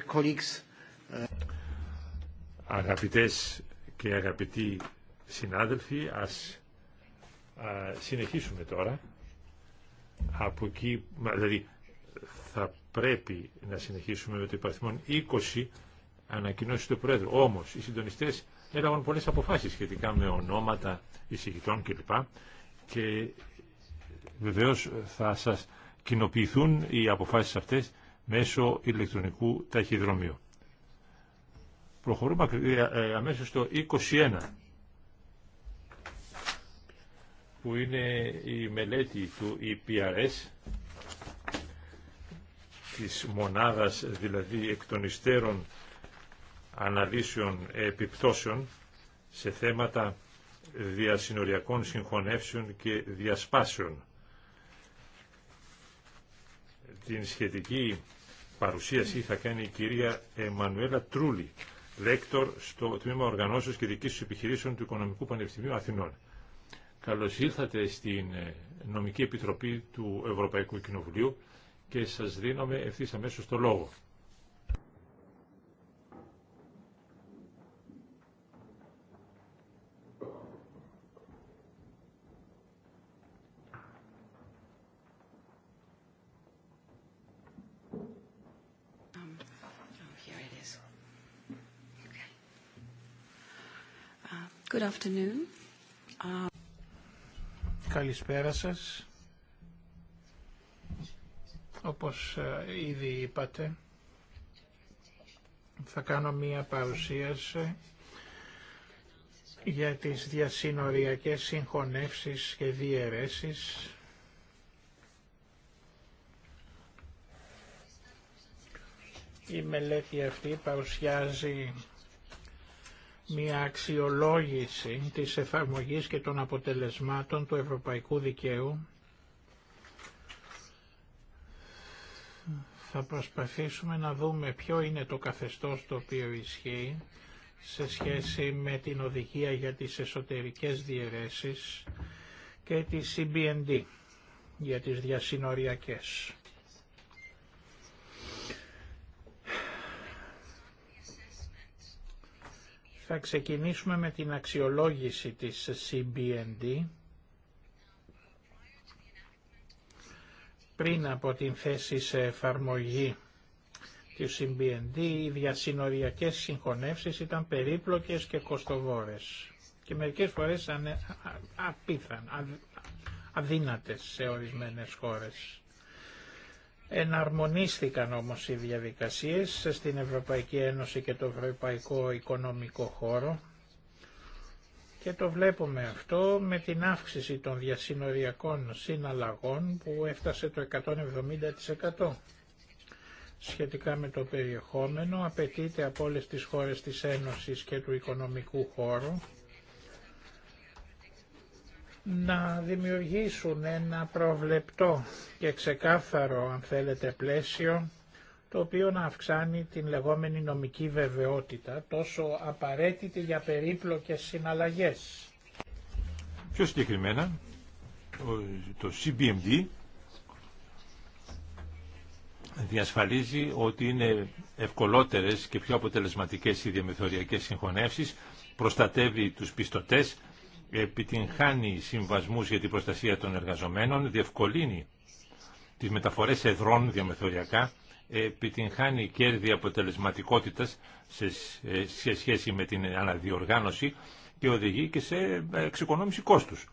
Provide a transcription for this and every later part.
Uh, Αγαπητές και αγαπητοί συνάδελφοι, ας συνεχίσουμε τώρα. Από εκεί, δηλαδή, θα πρέπει να συνεχίσουμε με το υπαριθμό 20 ανακοινώσει του Πρόεδρου. Όμως, οι συντονιστές έλαβαν πολλές αποφάσεις σχετικά με ονόματα εισηγητών κλπ. Και βεβαίως θα σας κοινοποιηθούν οι αποφάσεις αυτές μέσω ηλεκτρονικού ταχυδρομείου. Προχωρούμε ε, ε, αμέσως στο 21 που είναι η μελέτη του EPRS της μονάδας δηλαδή εκτονιστέρων των αναλύσεων επιπτώσεων σε θέματα διασυνοριακών συγχωνεύσεων και διασπάσεων την σχετική παρουσίαση θα κάνει η κυρία Εμμανουέλα Τρούλη, λέκτορ στο Τμήμα Οργανώσεως και Δικής Επιχειρήσεων του Οικονομικού Πανεπιστημίου Αθηνών. Καλώς ήρθατε στην ε, Νομική Επιτροπή του Ευρωπαϊκού Κοινοβουλίου και σας δίνομαι ευθύς αμέσως το λόγο. Good afternoon. Καλησπέρα σας. Όπως ε, ήδη είπατε, θα κάνω μία παρουσίαση για τις διασυνοριακές συγχωνεύσεις και διαιρέσεις Η μελέτη αυτή παρουσιάζει μια αξιολόγηση της εφαρμογής και των αποτελεσμάτων του ευρωπαϊκού δικαίου. Θα προσπαθήσουμε να δούμε ποιο είναι το καθεστώς το οποίο ισχύει σε σχέση με την οδηγία για τις εσωτερικές διαιρέσεις και τη CBND για τις διασυνοριακές. Θα ξεκινήσουμε με την αξιολόγηση της CBND. Πριν από την θέση σε εφαρμογή του CBND, οι διασυνοριακές συγχωνεύσεις ήταν περίπλοκες και κοστοβόρες και μερικές φορές ήταν απίθαν, αδύνατες σε ορισμένες χώρες. Εναρμονίστηκαν όμως οι διαδικασίες στην Ευρωπαϊκή Ένωση και το Ευρωπαϊκό Οικονομικό Χώρο και το βλέπουμε αυτό με την αύξηση των διασυνοριακών συναλλαγών που έφτασε το 170%. Σχετικά με το περιεχόμενο απαιτείται από όλες τις χώρες της Ένωσης και του Οικονομικού Χώρου να δημιουργήσουν ένα προβλεπτό και ξεκάθαρο, αν θέλετε, πλαίσιο, το οποίο να αυξάνει την λεγόμενη νομική βεβαιότητα, τόσο απαραίτητη για περίπλοκες συναλλαγές. Πιο συγκεκριμένα, το CBMD διασφαλίζει ότι είναι ευκολότερες και πιο αποτελεσματικές οι διαμεθοριακές συγχωνεύσεις, προστατεύει τους πιστωτές, επιτυγχάνει συμβασμούς για την προστασία των εργαζομένων, διευκολύνει τις μεταφορές εδρών διαμεθοριακά, επιτυγχάνει κέρδη αποτελεσματικότητας σε ε, σχέση με την αναδιοργάνωση και οδηγεί και σε ε, εξοικονόμηση κόστους.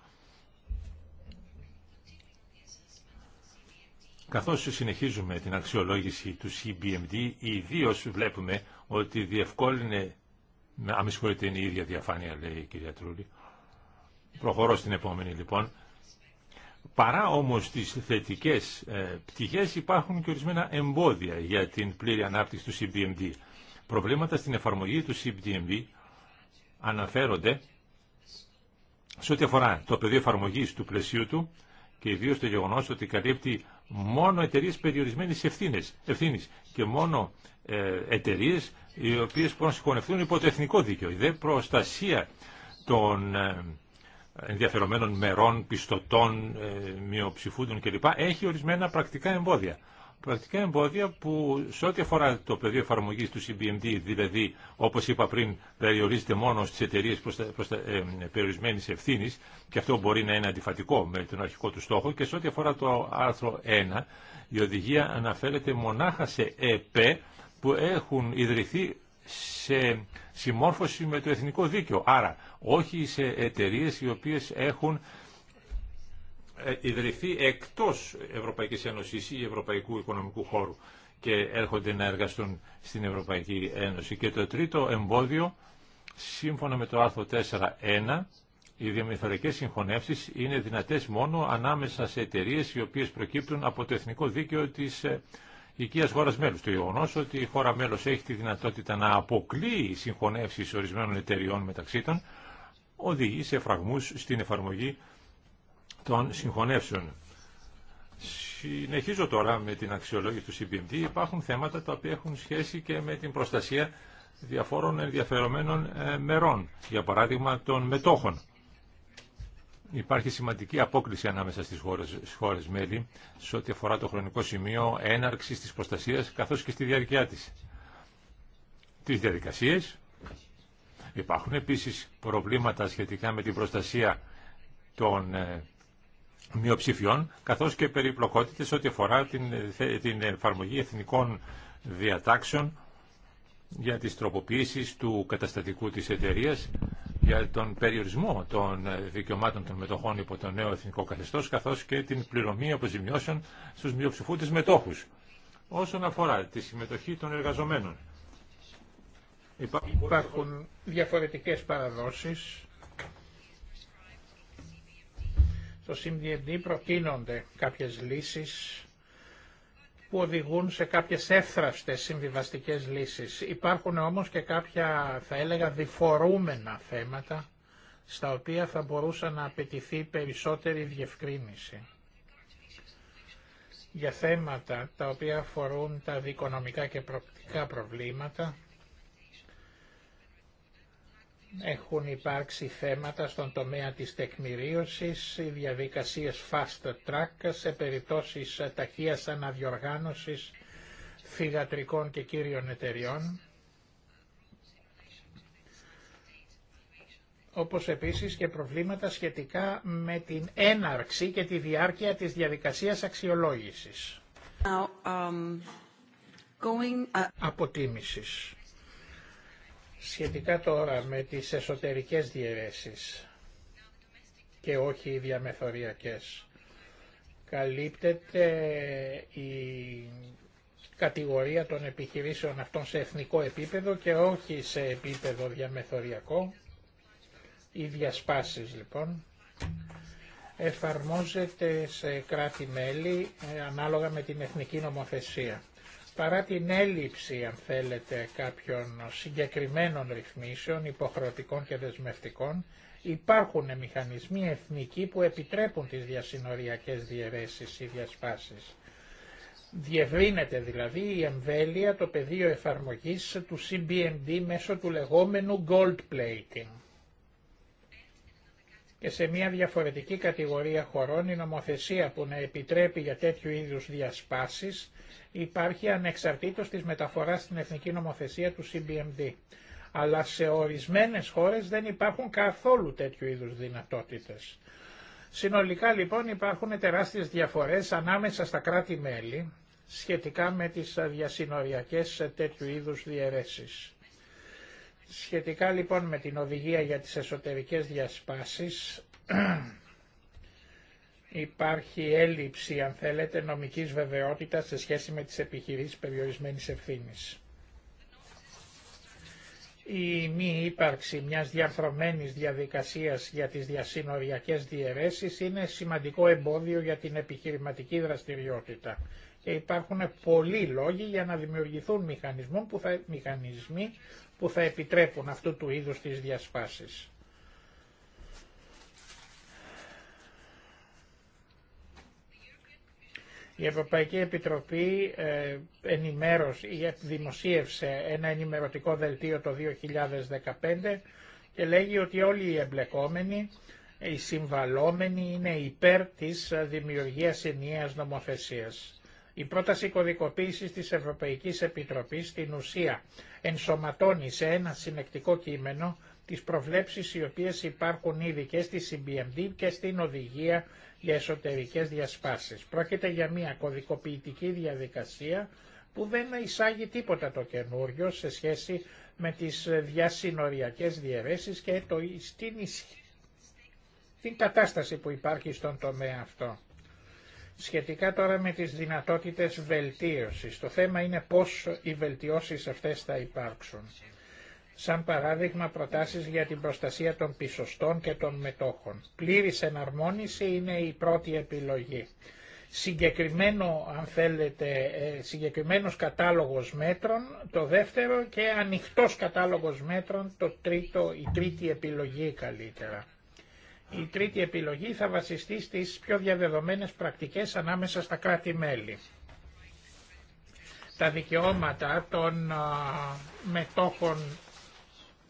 Καθώς συνεχίζουμε την αξιολόγηση του CBMD, ιδίω βλέπουμε ότι διευκόλυνε, αμυσχολείται είναι η ίδια διαφάνεια λέει η κυρία Τρούλη, Προχωρώ στην επόμενη λοιπόν. Παρά όμως τις θετικές ε, πτυχές υπάρχουν και ορισμένα εμπόδια για την πλήρη ανάπτυξη του CBMD. Προβλήματα στην εφαρμογή του CBMD αναφέρονται σε ό,τι αφορά το πεδίο εφαρμογή του πλαισίου του και ιδίω το γεγονό ότι καλύπτει μόνο εταιρείε περιορισμένη ευθύνη και μόνο ε, εταιρείε οι οποίες μπορούν να υπό το εθνικό δίκαιο. Η δε προστασία των ε, ενδιαφερομένων μερών, πιστωτών, ε, μειοψηφούντων κλπ. έχει ορισμένα πρακτικά εμπόδια. Πρακτικά εμπόδια που σε ό,τι αφορά το πεδίο εφαρμογή του CBMD, δηλαδή όπω είπα πριν, περιορίζεται μόνο στι εταιρείε ε, περιορισμένη ευθύνη και αυτό μπορεί να είναι αντιφατικό με τον αρχικό του στόχο και σε ό,τι αφορά το άρθρο 1, η οδηγία αναφέρεται μονάχα σε ΕΠΕ που έχουν ιδρυθεί σε συμμόρφωση με το εθνικό δίκαιο. Άρα όχι σε εταιρείες οι οποίες έχουν ε, ιδρυθεί εκτός Ευρωπαϊκής Ένωσης ή Ευρωπαϊκού Οικονομικού Χώρου και έρχονται να εργαστούν στην Ευρωπαϊκή Ένωση. Και το τρίτο εμπόδιο, σύμφωνα με το άρθρο 4.1, οι διαμεθορικές συγχωνεύσεις είναι δυνατές μόνο ανάμεσα σε εταιρείε οι οποίες προκύπτουν από το εθνικό δίκαιο της ε, οικίας χώρας μέλους. Το γεγονό ότι η χώρα μέλος έχει τη δυνατότητα να αποκλείει συγχωνεύσεις ορισμένων εταιριών μεταξύ των, οδηγεί σε φραγμούς στην εφαρμογή των συγχωνεύσεων. Συνεχίζω τώρα με την αξιολόγηση του CBMD. Υπάρχουν θέματα τα οποία έχουν σχέση και με την προστασία διαφόρων ενδιαφερομένων ε, μερών, για παράδειγμα των μετόχων. Υπάρχει σημαντική απόκληση ανάμεσα στις χώρες, μέλη σε ό,τι αφορά το χρονικό σημείο έναρξης της προστασίας καθώς και στη διάρκεια της. Τις διαδικασίες Υπάρχουν επίσης προβλήματα σχετικά με την προστασία των ε, μειοψηφιών, καθώς και περιπλοκότητες ό,τι αφορά την, ε, την εφαρμογή εθνικών διατάξεων για τις τροποποιήσεις του καταστατικού της εταιρεία για τον περιορισμό των ε, δικαιωμάτων των μετοχών υπό το νέο εθνικό καθεστώς, καθώς και την πληρωμή αποζημιώσεων στους μειοψηφούτες μετόχους. Όσον αφορά τη συμμετοχή των εργαζομένων, Υπάρχουν διαφορετικές παραδόσεις. Στο CMDMD προτείνονται κάποιες λύσεις που οδηγούν σε κάποιες εύθραυστες συμβιβαστικές λύσεις. Υπάρχουν όμως και κάποια, θα έλεγα, διφορούμενα θέματα, στα οποία θα μπορούσε να απαιτηθεί περισσότερη διευκρίνηση. Για θέματα τα οποία αφορούν τα δικονομικά και προπτικά προβλήματα, έχουν υπάρξει θέματα στον τομέα της τεκμηρίωσης, οι διαδικασίες fast track σε περιπτώσεις ταχείας αναδιοργάνωσης φυγατρικών και κύριων εταιριών. όπως επίσης και προβλήματα σχετικά με την έναρξη και τη διάρκεια της διαδικασίας αξιολόγησης. Um, uh, Αποτίμησης. Σχετικά τώρα με τις εσωτερικές διαιρέσεις και όχι οι διαμεθοριακές. Καλύπτεται η κατηγορία των επιχειρήσεων αυτών σε εθνικό επίπεδο και όχι σε επίπεδο διαμεθοριακό. Οι διασπάσεις λοιπόν εφαρμόζεται σε κράτη-μέλη ε, ανάλογα με την εθνική νομοθεσία παρά την έλλειψη, αν θέλετε, κάποιων συγκεκριμένων ρυθμίσεων, υποχρεωτικών και δεσμευτικών, υπάρχουν μηχανισμοί εθνικοί που επιτρέπουν τις διασυνοριακές διαιρέσεις ή διασπάσεις. Διευρύνεται δηλαδή η εμβέλεια το πεδίο εφαρμογής του CBMD μέσω του λεγόμενου gold plating και σε μια διαφορετική κατηγορία χωρών η νομοθεσία που να επιτρέπει για τέτοιου είδους διασπάσεις υπάρχει ανεξαρτήτως της μεταφοράς στην εθνική νομοθεσία του CBMD. Αλλά σε ορισμένες χώρες δεν υπάρχουν καθόλου τέτοιου είδους δυνατότητες. Συνολικά λοιπόν υπάρχουν τεράστιες διαφορές ανάμεσα στα κράτη-μέλη σχετικά με τις διασυνοριακές τέτοιου είδους διαιρέσεις. Σχετικά λοιπόν με την οδηγία για τις εσωτερικές διασπάσεις υπάρχει έλλειψη αν θέλετε νομικής βεβαιότητας σε σχέση με τις επιχειρήσεις περιορισμένης ευθύνης η μη ύπαρξη μιας διαρθρωμένης διαδικασίας για τις διασύνοριακές διαιρέσεις είναι σημαντικό εμπόδιο για την επιχειρηματική δραστηριότητα και υπάρχουν πολλοί λόγοι για να δημιουργηθούν μηχανισμοί που θα, μηχανισμοί που θα επιτρέπουν αυτού του είδους τις διασπάσεις. Η Ευρωπαϊκή Επιτροπή ε, ενημέρωσε, δημοσίευσε ένα ενημερωτικό δελτίο το 2015 και λέγει ότι όλοι οι εμπλεκόμενοι, οι συμβαλόμενοι είναι υπέρ της δημιουργίας ενιαίας νομοθεσίας. Η πρόταση κωδικοποίησης της Ευρωπαϊκής Επιτροπής στην ουσία ενσωματώνει σε ένα συνεκτικό κείμενο τις προβλέψεις οι οποίες υπάρχουν ήδη και στη CBMD και στην οδηγία για εσωτερικές διασπάσεις. Πρόκειται για μια κωδικοποιητική διαδικασία που δεν εισάγει τίποτα το καινούριο σε σχέση με τις διασυνοριακές διαιρέσεις και το, στην, την κατάσταση που υπάρχει στον τομέα αυτό. Σχετικά τώρα με τις δυνατότητες βελτίωσης, το θέμα είναι πώς οι βελτιώσεις αυτές θα υπάρξουν σαν παράδειγμα προτάσεις για την προστασία των πισωστών και των μετόχων. Πλήρης εναρμόνιση είναι η πρώτη επιλογή. Συγκεκριμένο, αν θέλετε, ε, συγκεκριμένος κατάλογος μέτρων, το δεύτερο και ανοιχτός κατάλογος μέτρων, το τρίτο, η τρίτη επιλογή καλύτερα. Η τρίτη επιλογή θα βασιστεί στις πιο διαδεδομένες πρακτικές ανάμεσα στα κράτη-μέλη. Τα δικαιώματα των μετόχων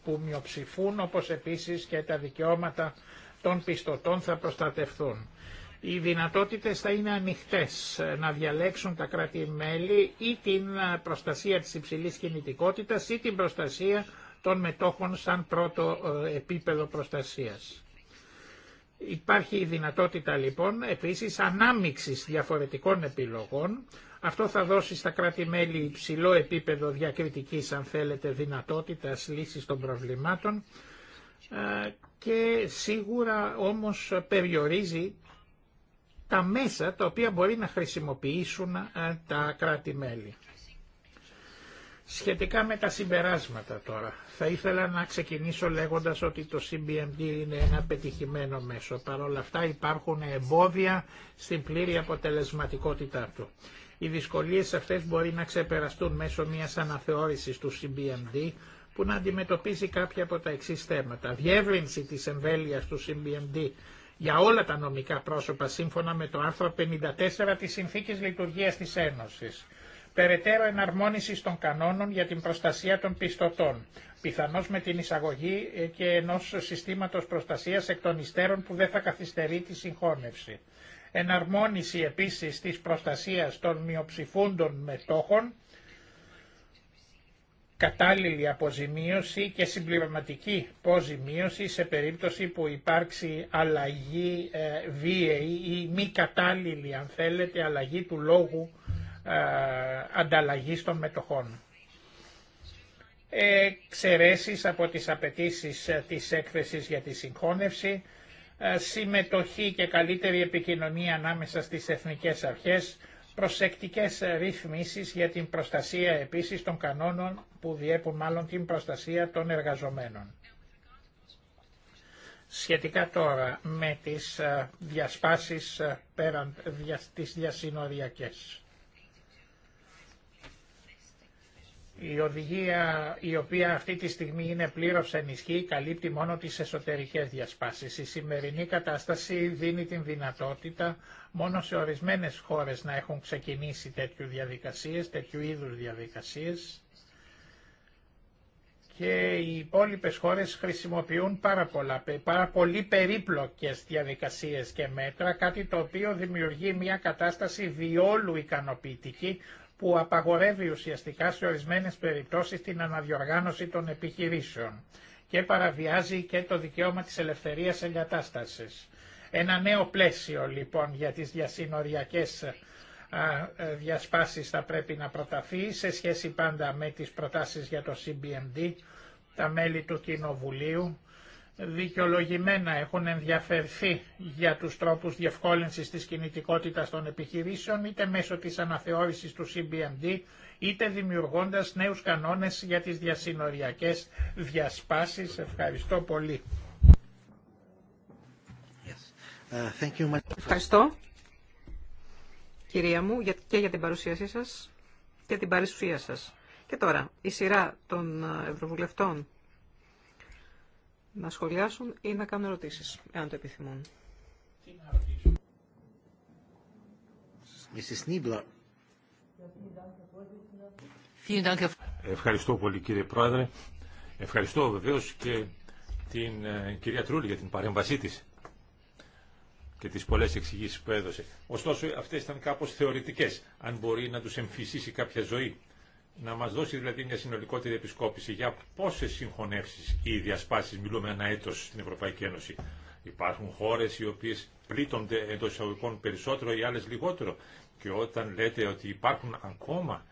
που μειοψηφούν όπως επίσης και τα δικαιώματα των πιστωτών θα προστατευθούν. Οι δυνατότητες θα είναι ανοιχτές ε, να διαλέξουν τα κράτη-μέλη ή την ε, προστασία της υψηλής κινητικότητας ή την προστασία των μετόχων σαν πρώτο ε, επίπεδο προστασίας. Υπάρχει η δυνατότητα λοιπόν επίσης ανάμιξης διαφορετικών επιλογών αυτό θα δώσει στα κράτη-μέλη υψηλό επίπεδο διακριτικής, αν θέλετε, δυνατότητας λύσης των προβλημάτων ε, και σίγουρα όμως περιορίζει τα μέσα τα οποία μπορεί να χρησιμοποιήσουν ε, τα κράτη-μέλη. Σχετικά με τα συμπεράσματα τώρα, θα ήθελα να ξεκινήσω λέγοντας ότι το CBMD είναι ένα πετυχημένο μέσο. Παρ' όλα αυτά υπάρχουν εμπόδια στην πλήρη αποτελεσματικότητά του. Οι δυσκολίες αυτές μπορεί να ξεπεραστούν μέσω μιας αναθεώρησης του CBMD που να αντιμετωπίζει κάποια από τα εξή θέματα. Διεύρυνση της εμβέλειας του CBMD για όλα τα νομικά πρόσωπα σύμφωνα με το άρθρο 54 της Συνθήκης Λειτουργίας της Ένωσης. Περαιτέρω εναρμόνιση των κανόνων για την προστασία των πιστωτών, πιθανώς με την εισαγωγή ε, και ενός συστήματος προστασίας εκ των υστέρων που δεν θα καθυστερεί τη συγχώνευση εναρμόνιση επίσης της προστασίας των μειοψηφούντων μετόχων, κατάλληλη αποζημίωση και συμπληρωματική αποζημίωση σε περίπτωση που υπάρξει αλλαγή ε, βίαιη ή μη κατάλληλη αν θέλετε αλλαγή του λόγου ε, ανταλλαγής των μετοχών. Εξαιρέσεις από τις απαιτήσεις ε, της έκθεσης για τη συγχώνευση, ε, συμμετοχή και καλύτερη επικοινωνία ανάμεσα στις εθνικές αρχές, προσεκτικές ρυθμίσεις για την προστασία επίσης των κανόνων που διέπουν μάλλον την προστασία των εργαζομένων. Σχετικά τώρα με τις ε, διασπάσεις ε, πέραν τις διασυνοριακές. Η οδηγία η οποία αυτή τη στιγμή είναι πλήρως ενισχύει καλύπτει μόνο τις εσωτερικές διασπάσεις. Η σημερινή κατάσταση δίνει την δυνατότητα μόνο σε ορισμένες χώρες να έχουν ξεκινήσει τέτοιου διαδικασίες, τέτοιου είδους διαδικασίες και οι υπόλοιπες χώρες χρησιμοποιούν πάρα, πολλά, πάρα πολύ περίπλοκες διαδικασίες και μέτρα, κάτι το οποίο δημιουργεί μια κατάσταση διόλου ικανοποιητική που απαγορεύει ουσιαστικά σε ορισμένες περιπτώσεις την αναδιοργάνωση των επιχειρήσεων και παραβιάζει και το δικαίωμα της ελευθερίας εγκατάστασης. Ένα νέο πλαίσιο λοιπόν για τις διασυνοριακές διασπάσεις θα πρέπει να προταθεί σε σχέση πάντα με τις προτάσεις για το CBMD, τα μέλη του Κοινοβουλίου δικαιολογημένα έχουν ενδιαφερθεί για τους τρόπους διευκόλυνσης της κινητικότητας των επιχειρήσεων είτε μέσω της αναθεώρησης του CBMD είτε δημιουργώντας νέους κανόνες για τις διασυνοριακές διασπάσεις. Ευχαριστώ πολύ. Uh, Ευχαριστώ κυρία μου και για την παρουσίασή σας και την παρουσία σας. Και τώρα η σειρά των ε, Ευρωβουλευτών να σχολιάσουν ή να κάνουν ερωτήσεις, εάν το επιθυμούν. Ευχαριστώ πολύ κύριε Πρόεδρε. Ευχαριστώ βεβαίως και την ε, κυρία Τρούλη για την παρέμβασή της και τις πολλές εξηγήσεις που έδωσε. Ωστόσο αυτές ήταν κάπως θεωρητικές, αν μπορεί να τους εμφυσίσει κάποια ζωή να μας δώσει δηλαδή μια συνολικότερη επισκόπηση για πόσες συγχωνεύσεις ή διασπάσεις μιλούμε ένα έτος στην Ευρωπαϊκή Ένωση. Υπάρχουν χώρες οι οποίες πλήττονται εντό εισαγωγικών περισσότερο ή άλλες λιγότερο. Και όταν λέτε ότι υπάρχουν ακόμα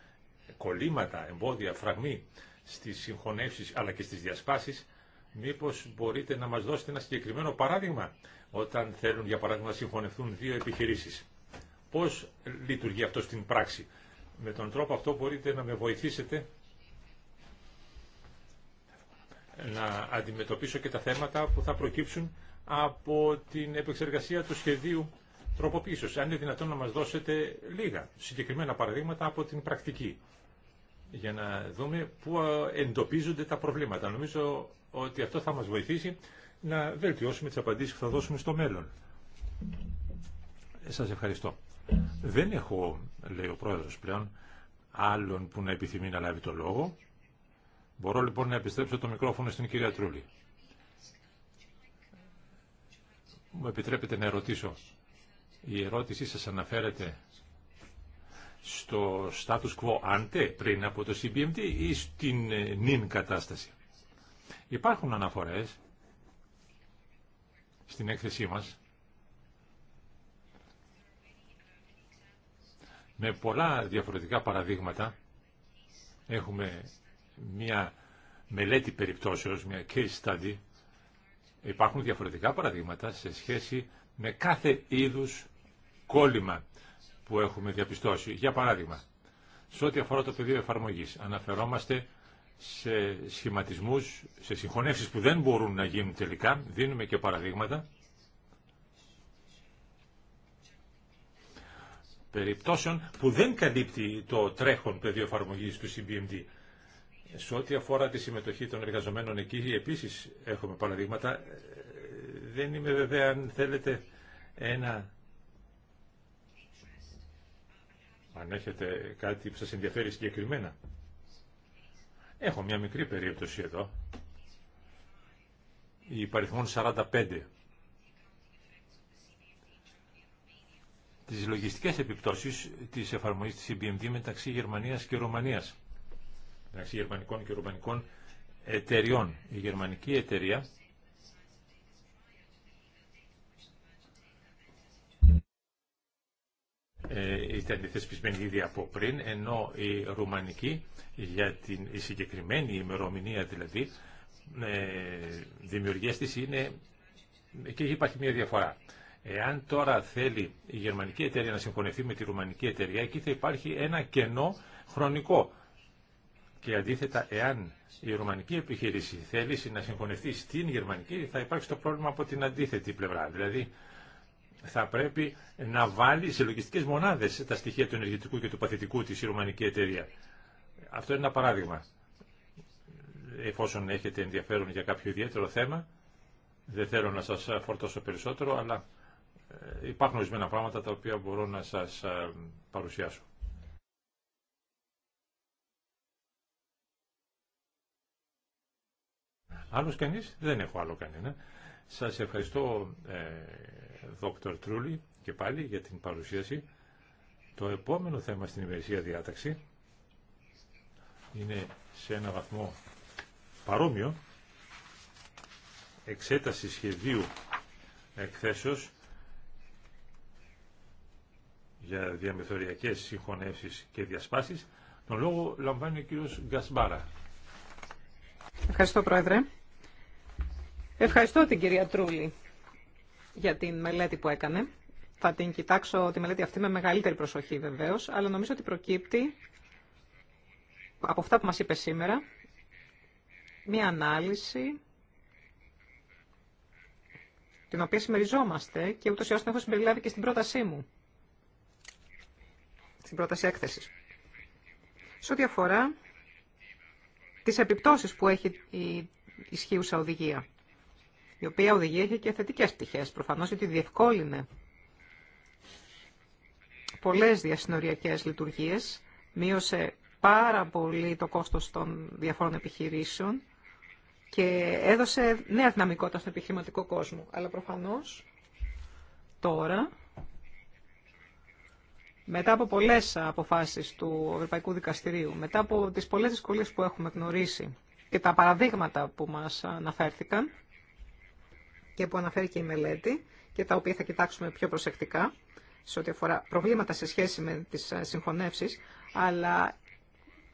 κολλήματα, εμπόδια, φραγμοί στις συγχωνεύσεις αλλά και στις διασπάσεις, μήπως μπορείτε να μας δώσετε ένα συγκεκριμένο παράδειγμα όταν θέλουν για παράδειγμα να συγχωνευτούν δύο επιχειρήσεις. Πώς λειτουργεί αυτό στην πράξη. Με τον τρόπο αυτό μπορείτε να με βοηθήσετε να αντιμετωπίσω και τα θέματα που θα προκύψουν από την επεξεργασία του σχεδίου τροποποίησης. Αν είναι δυνατόν να μας δώσετε λίγα συγκεκριμένα παραδείγματα από την πρακτική για να δούμε πού εντοπίζονται τα προβλήματα. Νομίζω ότι αυτό θα μας βοηθήσει να βελτιώσουμε τις απαντήσεις που θα δώσουμε στο μέλλον. Σας ευχαριστώ. Δεν έχω, λέει ο πρόεδρος πλέον, άλλον που να επιθυμεί να λάβει το λόγο. Μπορώ λοιπόν να επιστρέψω το μικρόφωνο στην κυρία Τρούλη. Μου επιτρέπετε να ερωτήσω. Η ερώτησή σας αναφέρεται στο status quo ante πριν από το CBMT ή στην ε, νυν κατάσταση. Υπάρχουν αναφορές στην έκθεσή μας με πολλά διαφορετικά παραδείγματα. Έχουμε μια μελέτη περιπτώσεως, μια case study. Υπάρχουν διαφορετικά παραδείγματα σε σχέση με κάθε είδους κόλλημα που έχουμε διαπιστώσει. Για παράδειγμα, σε ό,τι αφορά το πεδίο εφαρμογής, αναφερόμαστε σε σχηματισμούς, σε συγχωνεύσεις που δεν μπορούν να γίνουν τελικά, δίνουμε και παραδείγματα, περιπτώσεων που δεν καλύπτει το τρέχον πεδίο εφαρμογή του CBMD. Σε ό,τι αφορά τη συμμετοχή των εργαζομένων εκεί, επίσης έχουμε παραδείγματα. Ε, δεν είμαι βέβαια αν θέλετε ένα... Αν έχετε κάτι που σας ενδιαφέρει συγκεκριμένα. Έχω μια μικρή περίπτωση εδώ. Η παριθμόν 45 τις λογιστικές επιπτώσεις της εφαρμογής της EBMD μεταξύ Γερμανίας και Ρουμανίας, μεταξύ γερμανικών και ρουμανικών εταιριών. Η γερμανική εταιρεία ε, ήταν θεσπισμένη ήδη από πριν, ενώ η ρουμανική για την η συγκεκριμένη ημερομηνία δηλαδή ε, δημιουργία της είναι και υπάρχει μια διαφορά. Εάν τώρα θέλει η γερμανική εταιρεία να συμφωνηθεί με τη ρουμανική εταιρεία, εκεί θα υπάρχει ένα κενό χρονικό. Και αντίθετα, εάν η ρουμανική επιχείρηση θέλει να συγχωνευτεί στην γερμανική, θα υπάρξει το πρόβλημα από την αντίθετη πλευρά. Δηλαδή, θα πρέπει να βάλει σε λογιστικές μονάδες τα στοιχεία του ενεργητικού και του παθητικού της η ρουμανική εταιρεία. Αυτό είναι ένα παράδειγμα. Εφόσον έχετε ενδιαφέρον για κάποιο ιδιαίτερο θέμα, δεν θέλω να σα φορτώσω περισσότερο, αλλά ε, υπάρχουν ορισμένα πράγματα τα οποία μπορώ να σας ε, παρουσιάσω. Άλλος κανείς? Δεν έχω άλλο κανένα. Σας ευχαριστώ, ε, Δόκτωρ Τρούλη, και πάλι για την παρουσίαση. Το επόμενο θέμα στην ημερησία διάταξη είναι σε ένα βαθμό παρόμοιο εξέταση σχεδίου εκθέσεως για διαμεθοριακές συγχωνεύσεις και διασπάσεις. Τον λόγο λαμβάνει ο κύριος Γκασμπάρα. Ευχαριστώ, Πρόεδρε. Ευχαριστώ την κυρία Τρούλη για την μελέτη που έκανε. Θα την κοιτάξω τη μελέτη αυτή με μεγαλύτερη προσοχή βεβαίως, αλλά νομίζω ότι προκύπτει από αυτά που μας είπε σήμερα μία ανάλυση την οποία συμμεριζόμαστε και ούτως ή άλλως έχω συμπεριλάβει και στην πρότασή μου στην πρόταση έκθεσης. Σε ό,τι αφορά τις επιπτώσεις που έχει η ισχύουσα οδηγία, η οποία οδηγία έχει και θετικές πτυχές, προφανώς γιατί διευκόλυνε πολλές διασυνοριακές λειτουργίες, μείωσε πάρα πολύ το κόστος των διαφόρων επιχειρήσεων και έδωσε νέα δυναμικότητα στον επιχειρηματικό κόσμο. Αλλά προφανώς τώρα μετά από πολλές αποφάσεις του Ευρωπαϊκού Δικαστηρίου, μετά από τις πολλές δυσκολίε που έχουμε γνωρίσει και τα παραδείγματα που μας αναφέρθηκαν και που αναφέρει και η μελέτη και τα οποία θα κοιτάξουμε πιο προσεκτικά σε ό,τι αφορά προβλήματα σε σχέση με τις συγχωνεύσεις, αλλά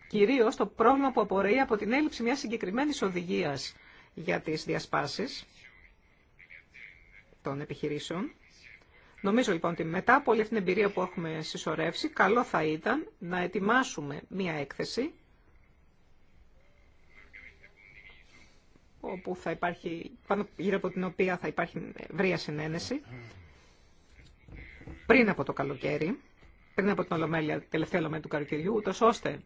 κυρίως το πρόβλημα που απορρέει από την έλλειψη μιας συγκεκριμένης οδηγίας για τις διασπάσεις των επιχειρήσεων Νομίζω λοιπόν ότι μετά από όλη αυτή την εμπειρία που έχουμε συσσωρεύσει, καλό θα ήταν να ετοιμάσουμε μία έκθεση όπου θα υπάρχει, πάνω γύρω από την οποία θα υπάρχει βρία συνένεση πριν από το καλοκαίρι, πριν από την ολομέλεια, τελευταία ολομέλεια του καλοκαιριού, ούτως ώστε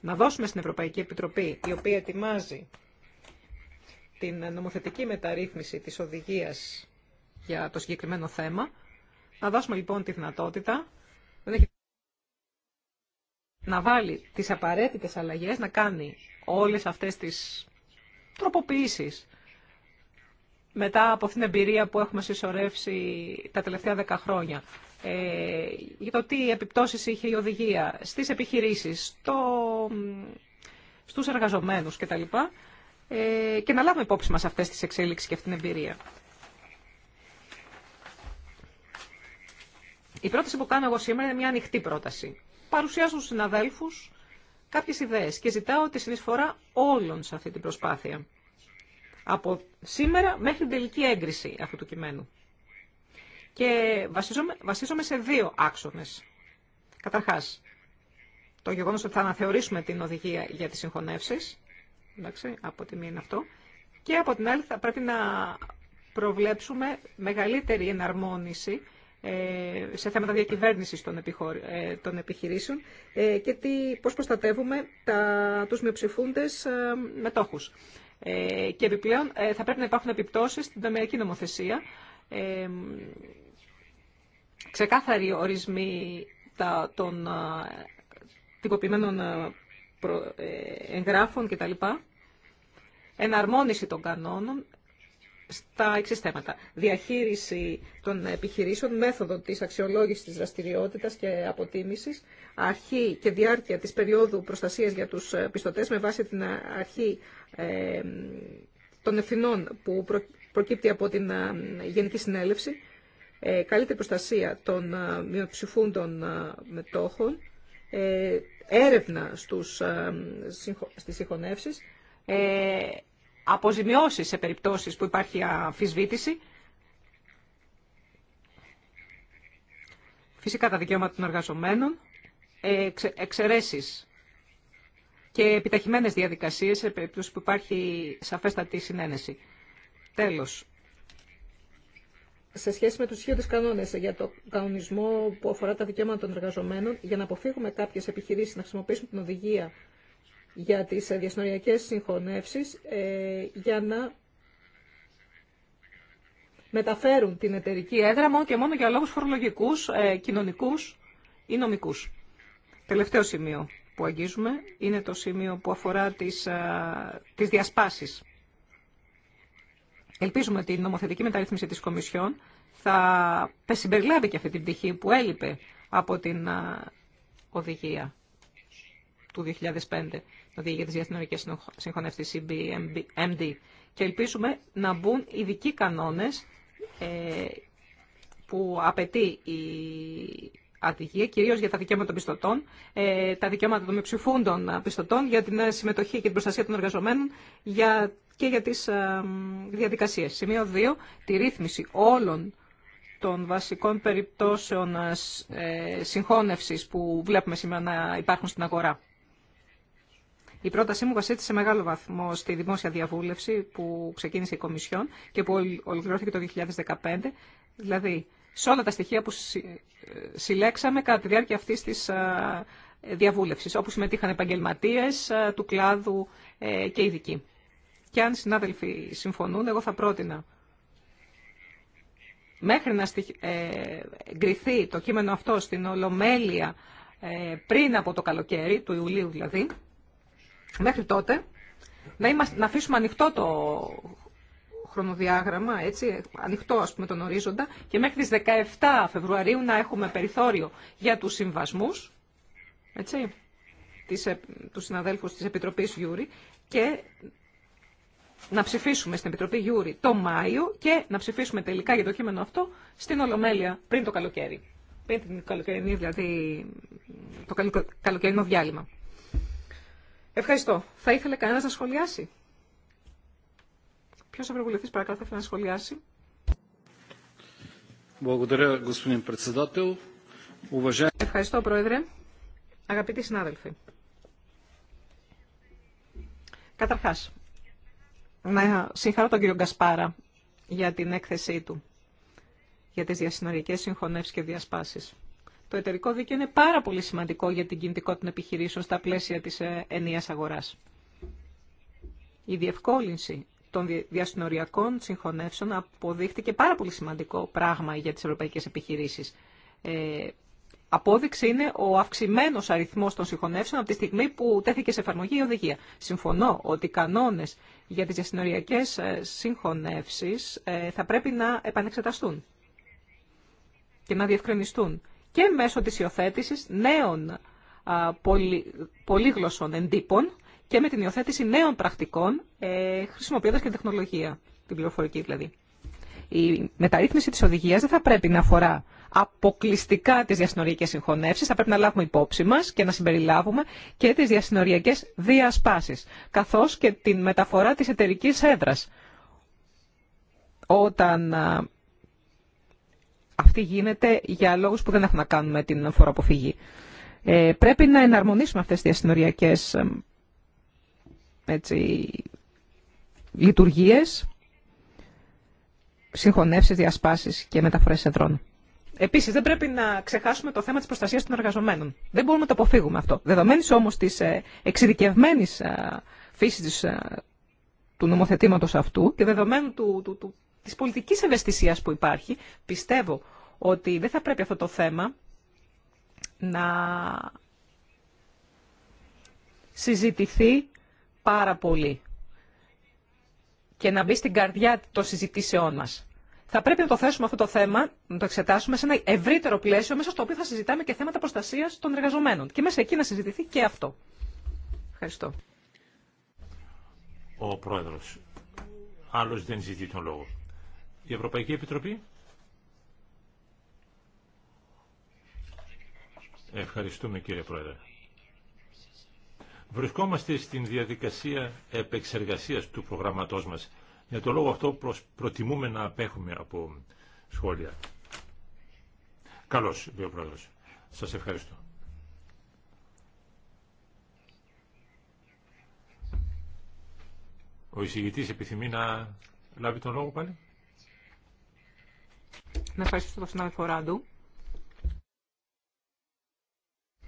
να δώσουμε στην Ευρωπαϊκή Επιτροπή, η οποία ετοιμάζει την νομοθετική μεταρρύθμιση της οδηγίας για το συγκεκριμένο θέμα, να δώσουμε λοιπόν τη δυνατότητα να βάλει τις απαραίτητες αλλαγές, να κάνει όλες αυτές τις τροποποιήσεις μετά από την εμπειρία που έχουμε συσσωρεύσει τα τελευταία δέκα χρόνια ε, για το τι επιπτώσεις είχε η οδηγία στις επιχειρήσεις, στο, στους εργαζομένους κτλ. Και, ε, και να λάβουμε υπόψη μας αυτές τις εξέλιξεις και αυτή την εμπειρία. Η πρόταση που κάνω εγώ σήμερα είναι μια ανοιχτή πρόταση. Παρουσιάζω στους συναδέλφους κάποιες ιδέες και ζητάω τη συνεισφορά όλων σε αυτή την προσπάθεια. Από σήμερα μέχρι την τελική έγκριση αυτού του κειμένου. Και βασίζομαι, βασίζομαι σε δύο άξονες. Καταρχάς, το γεγονός ότι θα αναθεωρήσουμε την οδηγία για τις συγχωνεύσεις, εντάξει, από τη μία είναι αυτό, και από την άλλη θα πρέπει να προβλέψουμε μεγαλύτερη εναρμόνιση ε, σε θέματα διακυβέρνησης των, ε, των επιχειρήσεων ε, και τι, πώς προστατεύουμε τα, τους μειοψηφούντες μετόχους. Και επιπλέον θα πρέπει να υπάρχουν επιπτώσεις στην ταμιακή νομοθεσία, ξεκάθαροι ορισμοί των τυποποιημένων εγγράφων κτλ, εναρμόνιση των κανόνων, στα εξή θέματα. Διαχείριση των επιχειρήσεων, μέθοδο της αξιολόγηση της δραστηριότητα και αποτίμηση, αρχή και διάρκεια της περίοδου προστασίας για τους πιστωτέ με βάση την αρχή ε, των ευθυνών που προκύπτει από την ε, Γενική Συνέλευση, ε, καλύτερη προστασία των ε, μειοψηφούν των μετόχων, έρευνα στους, στις συγχωνεύσεις, ε, αποζημιώσεις σε περιπτώσεις που υπάρχει αμφισβήτηση. Φυσικά τα δικαιώματα των εργαζομένων, εξαιρεσει και επιταχυμένε διαδικασίες σε περιπτώσεις που υπάρχει σαφέστατη συνένεση. Τέλος, σε σχέση με τους ισχύοντε κανόνες για το κανονισμό που αφορά τα δικαιώματα των εργαζομένων, για να αποφύγουμε κάποιε επιχειρήσει να χρησιμοποιήσουν την οδηγία για τις διασυνοριακές συγχωνεύσεις ε, για να μεταφέρουν την εταιρική έδρα μόνο και μόνο για λόγους φορολογικούς, ε, κοινωνικούς ή νομικούς. Τελευταίο σημείο που αγγίζουμε είναι το σημείο που αφορά τις, ε, τις διασπάσεις. Ελπίζουμε ότι η νομοθετική μεταρρύθμιση της Κομισιόν θα συμπεριλάβει και αυτή την πτυχή που έλειπε από την ε, οδηγία του 2005, δηλαδή για τις διαστημικές συγχωνεύσει CBMD. Και ελπίζουμε να μπουν ειδικοί κανόνες ε, που απαιτεί η ατυχία, κυρίω για τα δικαιώματα των πιστωτών, ε, τα δικαιώματα των μειοψηφούντων πιστωτών, για την ε, συμμετοχή και την προστασία των εργαζομένων για, και για τις διαδικασίε. διαδικασίες. Σημείο 2, τη ρύθμιση όλων των βασικών περιπτώσεων ε, συγχώνευσης που βλέπουμε σήμερα να υπάρχουν στην αγορά. Η πρότασή μου βασίζεται σε μεγάλο βαθμό στη δημόσια διαβούλευση που ξεκίνησε η Κομισιόν και που ολοκληρώθηκε το 2015, δηλαδή σε όλα τα στοιχεία που συλλέξαμε κατά τη διάρκεια αυτής της διαβούλευσης, όπου συμμετείχαν επαγγελματίες του κλάδου ε, και ειδικοί. Και αν οι συνάδελφοι συμφωνούν, εγώ θα πρότεινα μέχρι να ε, εγκριθεί το κείμενο αυτό στην Ολομέλεια ε, πριν από το καλοκαίρι, του Ιουλίου δηλαδή, μέχρι τότε να, είμαστε, να αφήσουμε ανοιχτό το χρονοδιάγραμμα, έτσι, ανοιχτό ας πούμε τον ορίζοντα και μέχρι τις 17 Φεβρουαρίου να έχουμε περιθώριο για τους συμβασμούς, έτσι, τις, ε, τους συναδέλφους της Επιτροπής Γιούρη και να ψηφίσουμε στην Επιτροπή Γιούρη το Μάιο και να ψηφίσουμε τελικά για το κείμενο αυτό στην Ολομέλεια πριν το καλοκαίρι. Πριν την καλοκαιρινή, δηλαδή το καλοκαιρινό διάλειμμα. Ευχαριστώ. Θα ήθελε κανένα να σχολιάσει. Ποιο ευρωβουλευτή παρακαλώ θα ήθελε να σχολιάσει. Ευχαριστώ, Πρόεδρε. Αγαπητοί συνάδελφοι. Καταρχάς, να συγχαρώ τον κύριο Γκασπάρα για την έκθεσή του για τις διασυνοριακές συγχωνεύσεις και διασπάσεις το εταιρικό δίκαιο είναι πάρα πολύ σημαντικό για την κινητικότητα των επιχειρήσεων στα πλαίσια της ε, ενίας αγοράς. Η διευκόλυνση των διασυνοριακών συγχωνεύσεων αποδείχτηκε πάρα πολύ σημαντικό πράγμα για τις ευρωπαϊκές επιχειρήσεις. Ε, απόδειξη είναι ο αυξημένος αριθμό των συγχωνεύσεων από τη στιγμή που τέθηκε σε εφαρμογή η οδηγία. Συμφωνώ ότι οι κανόνε για τι διασυνοριακές ε, συγχωνεύσει ε, θα πρέπει να επανεξεταστούν και να διευκρινιστούν και μέσω της υιοθέτηση νέων πολυ, πολύγλωσσων εντύπων και με την υιοθέτηση νέων πρακτικών ε, χρησιμοποιώντας και την τεχνολογία, την πληροφορική δηλαδή. Η μεταρρύθμιση της οδηγίας δεν θα πρέπει να αφορά αποκλειστικά τις διασυνοριακές συγχωνεύσεις, θα πρέπει να λάβουμε υπόψη μας και να συμπεριλάβουμε και τις διασυνοριακές διασπάσεις, καθώς και την μεταφορά της εταιρική έδρας. Όταν αυτή γίνεται για λόγους που δεν έχουν να κάνουν με την φοροαποφυγή. Ε, πρέπει να εναρμονίσουμε αυτές τις αστυνοριακές έτσι, λειτουργίες, συγχωνεύσεις, διασπάσεις και μεταφορές εδρών. Επίσης, δεν πρέπει να ξεχάσουμε το θέμα της προστασίας των εργαζομένων. Δεν μπορούμε να το αποφύγουμε αυτό. Δεδομένης όμως της ε, εξειδικευμένης ε, φύσης ε, του νομοθετήματος αυτού και δεδομένου του, Τη πολιτική ευαισθησία που υπάρχει, πιστεύω ότι δεν θα πρέπει αυτό το θέμα να συζητηθεί πάρα πολύ και να μπει στην καρδιά των συζητήσεών μας. Θα πρέπει να το θέσουμε αυτό το θέμα, να το εξετάσουμε σε ένα ευρύτερο πλαίσιο μέσα στο οποίο θα συζητάμε και θέματα προστασίας των εργαζομένων και μέσα εκεί να συζητηθεί και αυτό. Ευχαριστώ. Ο Πρόεδρος. Άλλος δεν ζητεί τον λόγο. Η Ευρωπαϊκή Επιτροπή. Ευχαριστούμε κύριε Πρόεδρε. Βρισκόμαστε στην διαδικασία επεξεργασίας του προγραμματός μας. Για το λόγο αυτό προτιμούμε να απέχουμε από σχόλια. Καλώς, κύριε Πρόεδρε. Σας ευχαριστώ. Ο εισηγητής επιθυμεί να λάβει τον λόγο πάλι. Να ευχαριστήσω τον συνάδελφο Ράντου.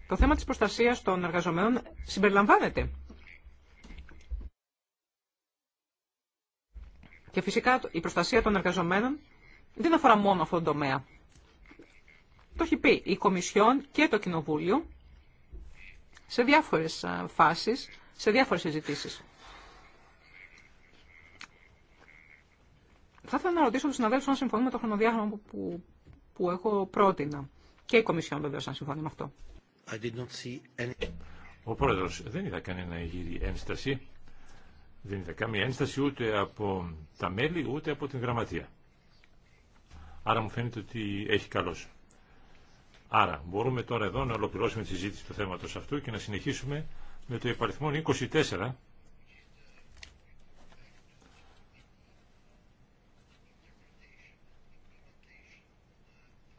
Το θέμα της προστασίας των εργαζομένων συμπεριλαμβάνεται. Και φυσικά η προστασία των εργαζομένων δεν αφορά μόνο αυτόν τον τομέα. Το έχει πει η Κομισιόν και το Κοινοβούλιο σε διάφορες φάσεις, σε διάφορες συζητήσεις. Θα ήθελα να ρωτήσω του συναδέλφου αν συμφωνούν με το χρονοδιάγραμμα που, που, έχω πρότεινα. Και η Κομισιόν βεβαίω αν συμφωνεί με αυτό. any... Ο πρόεδρο δεν είδα κανένα γύρι ένσταση. Δεν είδα καμία ένσταση ούτε από τα μέλη ούτε από την γραμματεία. Άρα μου φαίνεται ότι έχει καλώ. Άρα μπορούμε τώρα εδώ να ολοκληρώσουμε τη συζήτηση του θέματος αυτού και να συνεχίσουμε με το υπαριθμό 24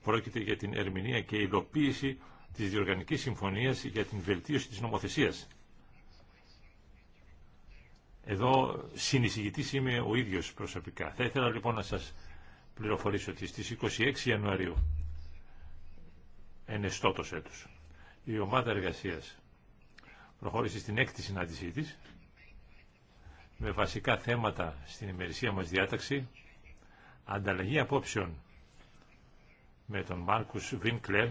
Πρόκειται για την ερμηνεία και υλοποίηση της Διοργανικής Συμφωνίας για την βελτίωση της νομοθεσίας. Εδώ συνεισηγητής είμαι ο ίδιος προσωπικά. Θα ήθελα λοιπόν να σας πληροφορήσω ότι στις 26 Ιανουαρίου ενεστώτος έτους η ομάδα εργασίας προχώρησε στην έκτη συνάντησή της με βασικά θέματα στην ημερησία μας διάταξη ανταλλαγή απόψεων με τον Μάρκους Βίνκλερ,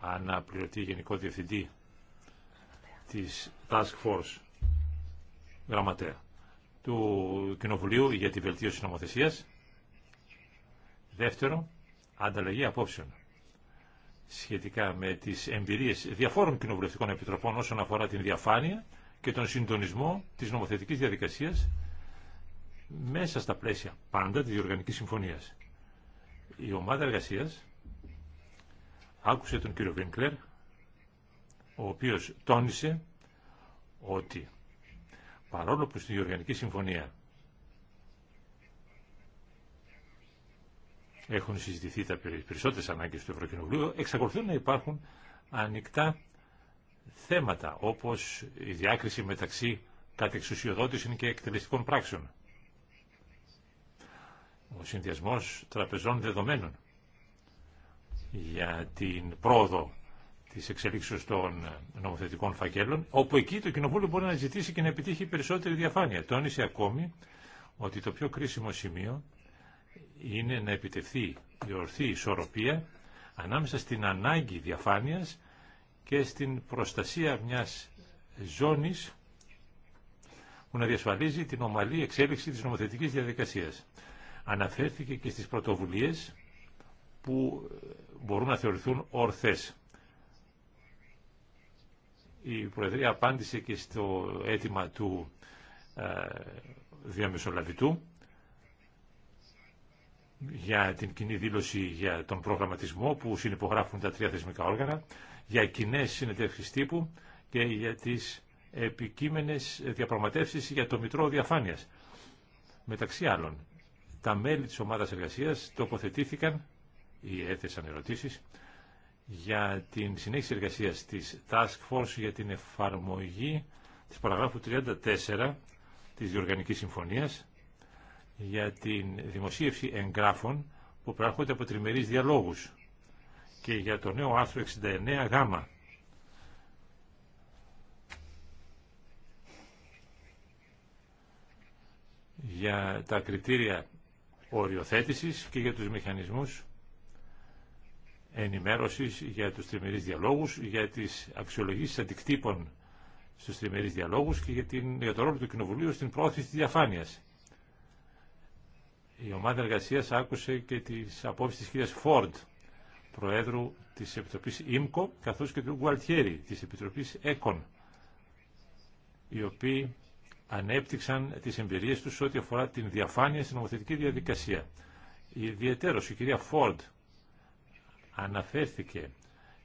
αναπληρωτή Γενικό Διευθυντή της Task Force Γραμματέα του Κοινοβουλίου για τη βελτίωση νομοθεσίας. Δεύτερο, ανταλλαγή απόψεων σχετικά με τις εμπειρίες διαφόρων κοινοβουλευτικών επιτροπών όσον αφορά την διαφάνεια και τον συντονισμό της νομοθετικής διαδικασίας μέσα στα πλαίσια πάντα της Διοργανικής Συμφωνίας. Η ομάδα εργασίας άκουσε τον κύριο Βίνκλερ, ο οποίος τόνισε ότι παρόλο που στη Γεωργιανική Συμφωνία έχουν συζητηθεί τα περισσότερες ανάγκες του Ευρωκοινοβουλίου, εξακολουθούν να υπάρχουν ανοιχτά θέματα, όπως η διάκριση μεταξύ κατεξουσιοδότηση και εκτελεστικών πράξεων ο συνδυασμός τραπεζών δεδομένων για την πρόοδο της εξελίξεως των νομοθετικών φακέλων, όπου εκεί το Κοινοβούλιο μπορεί να ζητήσει και να επιτύχει περισσότερη διαφάνεια. Τόνισε ακόμη ότι το πιο κρίσιμο σημείο είναι να επιτευθεί η ορθή ισορροπία ανάμεσα στην ανάγκη διαφάνειας και στην προστασία μιας ζώνης που να διασφαλίζει την ομαλή εξέλιξη της νομοθετικής διαδικασίας αναφέρθηκε και στις πρωτοβουλίες που ε, μπορούν να θεωρηθούν ορθές. Η Προεδρία απάντησε και στο αίτημα του ε, διαμεσολαβητού για την κοινή δήλωση για τον προγραμματισμό που συνυπογράφουν τα τρία θεσμικά όργανα, για κοινέ συνεδεύσει τύπου και για τις επικείμενες διαπραγματεύσεις για το Μητρό Διαφάνειας, μεταξύ άλλων τα μέλη της ομάδας εργασίας τοποθετήθηκαν ή έθεσαν ερωτήσεις για την συνέχιση εργασίας της Task Force για την εφαρμογή της παραγράφου 34 της Διοργανικής Συμφωνίας για την δημοσίευση εγγράφων που προέρχονται από τριμερείς διαλόγους και για το νέο άρθρο 69 γάμα. για τα κριτήρια οριοθέτησης και για τους μηχανισμούς ενημέρωσης για τους τριμερείς διαλόγους, για τις αξιολογήσεις αντικτύπων στους τριμερείς διαλόγους και για, την, για το ρόλο του Κοινοβουλίου στην πρόθεση της διαφάνειας. Η ομάδα εργασίας άκουσε και τις απόψεις της κυρίας Φόρντ, Προέδρου της Επιτροπής ΙΜΚΟ, καθώς και του Γουαλτιέρη της Επιτροπής ΕΚΟΝ, οι οποίοι ανέπτυξαν τις εμπειρίες τους ό,τι αφορά την διαφάνεια στην νομοθετική διαδικασία. Ιδιαιτέρως η κυρία Φόρντ αναφέρθηκε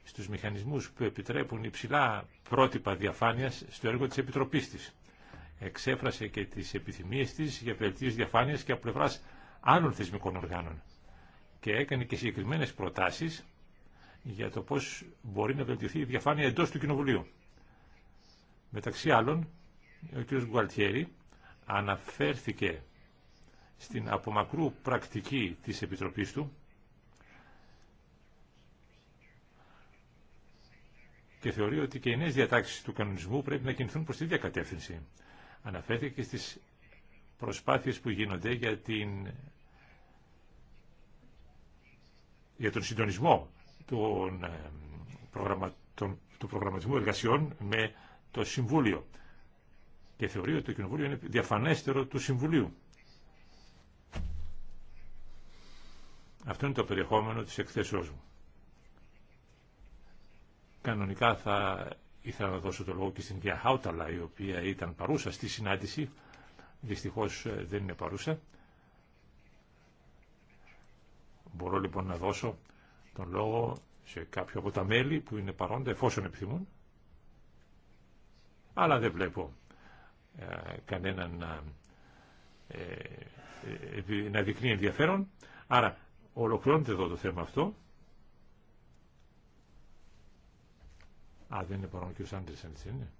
στους μηχανισμούς που επιτρέπουν υψηλά πρότυπα διαφάνειας στο έργο της Επιτροπής της. Εξέφρασε και τις επιθυμίες της για βελτίωση διαφάνειας και από πλευράς άλλων θεσμικών οργάνων και έκανε και συγκεκριμένες προτάσεις για το πώς μπορεί να βελτιωθεί η διαφάνεια εντός του Κοινοβουλίου. Μεταξύ άλλων, ο κ. Γκουαλτιέρη αναφέρθηκε στην απομακρού πρακτική της Επιτροπής του και θεωρεί ότι και οι νέες διατάξεις του κανονισμού πρέπει να κινηθούν προς τη διακατεύθυνση. Αναφέρθηκε και στις προσπάθειες που γίνονται για, την... για τον συντονισμό των... Ε, του προγραμματισμού εργασιών με το Συμβούλιο και θεωρεί ότι το Κοινοβούλιο είναι διαφανέστερο του Συμβουλίου. Αυτό είναι το περιεχόμενο της εκθέσεώς μου. Κανονικά θα ήθελα να δώσω το λόγο και στην κυρία Χάουταλα, η οποία ήταν παρούσα στη συνάντηση, δυστυχώς ε, δεν είναι παρούσα. Μπορώ λοιπόν να δώσω τον λόγο σε κάποιο από τα μέλη που είναι παρόντα, εφόσον επιθυμούν. Αλλά δεν βλέπω κανέναν να, ε, ε, ε, να ενδιαφέρον. Άρα ολοκληρώνεται εδώ το θέμα αυτό. Α, δεν είναι παρόν και ο είναι.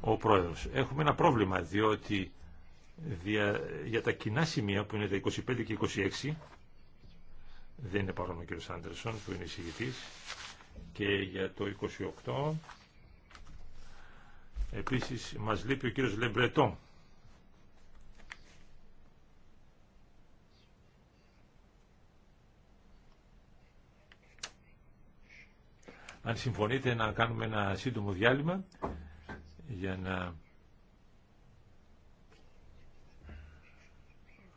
Ο πρόεδρος, έχουμε ένα πρόβλημα διότι για τα κοινά σημεία που είναι τα 25 και 26 δεν είναι παρόν ο κύριος Άντερσον που είναι εισηγητής και για το 28 επίσης μας λείπει ο κύριος Λεμπρετόν Αν συμφωνείτε να κάνουμε ένα σύντομο διάλειμμα για να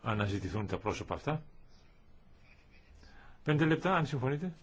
αναζητηθούν τα πρόσωπα αυτά. Πέντε λεπτά αν συμφωνείτε.